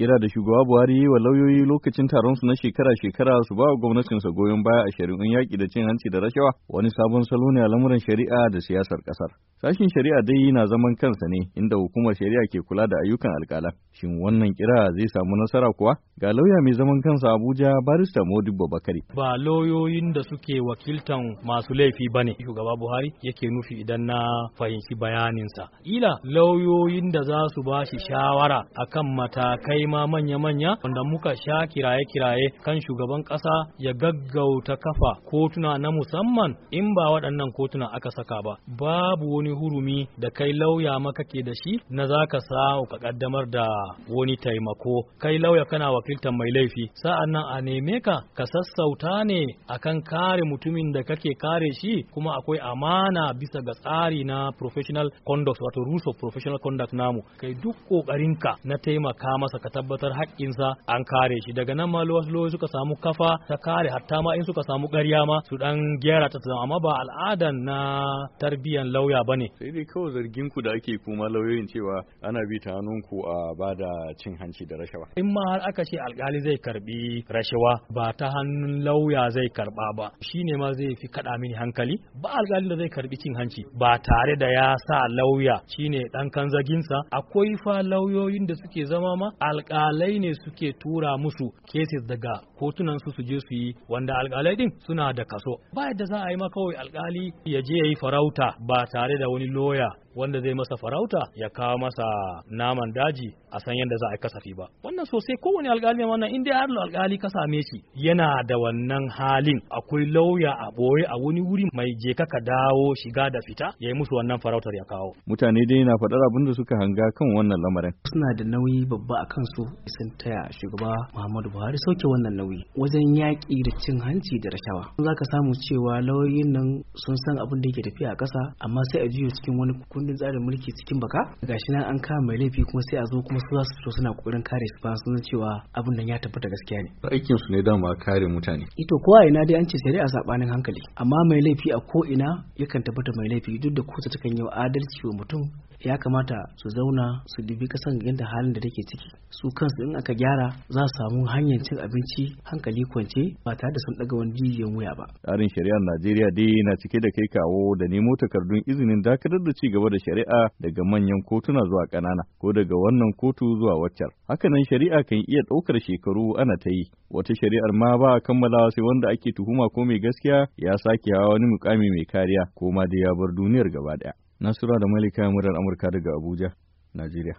kira da shugaba Buhari yi wa lauyoyi lokacin taron su na shekara-shekara su ba wa gwamnatin sa goyon baya a shari'un yaƙi da cin hanci da rashawa wani sabon salo ne a lamuran shari'a da siyasar ƙasar. Sashin shari'a dai na zaman kansa ne inda hukumar shari'a ke kula da ayyukan alƙala. Shin wannan kira zai samu nasara kuwa? Ga lauya mai zaman kansa Abuja barista modi babakari Ba lauyoyin da suke wakiltan masu laifi ba ne shugaba Buhari yake nufi idan na fahimci bayaninsa. Ila lauyoyin da za su ba shi shawara akan matakai ma manya-manya wanda muka sha kiraye-kiraye kan shugaban ƙasa ya gaggauta kafa kotuna na musamman in ba waɗannan kotuna aka saka ba babu wani hurumi da kai lauya maka ke da shi na za ka sa ka kaddamar da wani taimako kai lauya kana wakiltar mai laifi sa'an nan a neme ka ka sassauta ne akan kare mutumin da kake kare shi kuma akwai amana bisa ga tsari na professional conduct wato rules of professional conduct namu kai duk ƙoƙarinka na taimaka masa ka tabbatar haƙƙinsa an kare shi daga nan ma wasu lokaci suka samu kafa ta kare hatta ma in suka samu ƙarya ma su dan gyara ta amma ba al'adan na tarbiyan lauya bane sai dai kawai zargin ku da ake kuma lauyoyin cewa ana bi ta hannun ku a bada cin hanci da rashawa in ma har aka ce alƙali zai karbi rashawa ba ta hannun lauya zai karba ba shine ma zai fi kada mini hankali ba alkali da zai karbi cin hanci ba tare da ya sa lauya shine dan kanzaginsa akwai fa lauyoyin da suke zama ma alƙalai ne suke tura musu cases daga kotunan su su je su yi wanda alƙalai din suna da kaso ba yadda za a yi ma kawai alƙali ya je ya yi farauta ba tare da wani loya wanda zai masa farauta ya kawo masa naman daji a san yadda za a yi kasafi ba wannan sosai kowane ne wannan in da har alkali ka same shi yana da wannan halin akwai lauya a boye a wani wuri mai je ka dawo shiga da fita ya yi musu wannan farautar ya kawo mutane dai na faɗar abin da suka hanga kan wannan lamarin suna da nauyi babba a kansu fito sun taya shugaba Muhammadu Buhari sauke wannan nauyi wajen yaƙi da cin hanci da rashawa. Za ka samu cewa lauyoyin nan sun san abin da yake tafiya a ƙasa amma sai a juyo cikin wani kundin tsarin mulki cikin baka gashi nan an kama mai laifi kuma sai a zo kuma su za su fito suna kokarin kare su ba sun cewa abin nan ya tabbata gaskiya ne. Aikin su ne dama kare mutane. Ito kowa ina dai an ce sai dai a sabanin hankali amma mai laifi a ko ina yakan tabbata mai laifi duk da kotu takan yi adalci wa mutum ya kamata su zauna su dubi kasan yadda halin da take ciki su kansu in aka gyara za su samu hanyar cin abinci hankali kwance ba tare da sun daga wani jijiyan wuya ba. Tsarin shari'ar Najeriya dai na cike da kai kawo da nemo takardun izinin dakatar da ci gaba da shari'a daga manyan kotuna zuwa ƙanana ko daga wannan kotu zuwa waccar. nan shari'a kan iya ɗaukar shekaru ana ta yi. Wata shari'ar ma ba a kammalawa sai wanda ake tuhuma ko mai gaskiya ya sake hawa wani mukami mai kariya ko ma dai ya bar duniyar gaba ɗaya. Nasura da Malika Murar Amurka daga Abuja, Najeriya.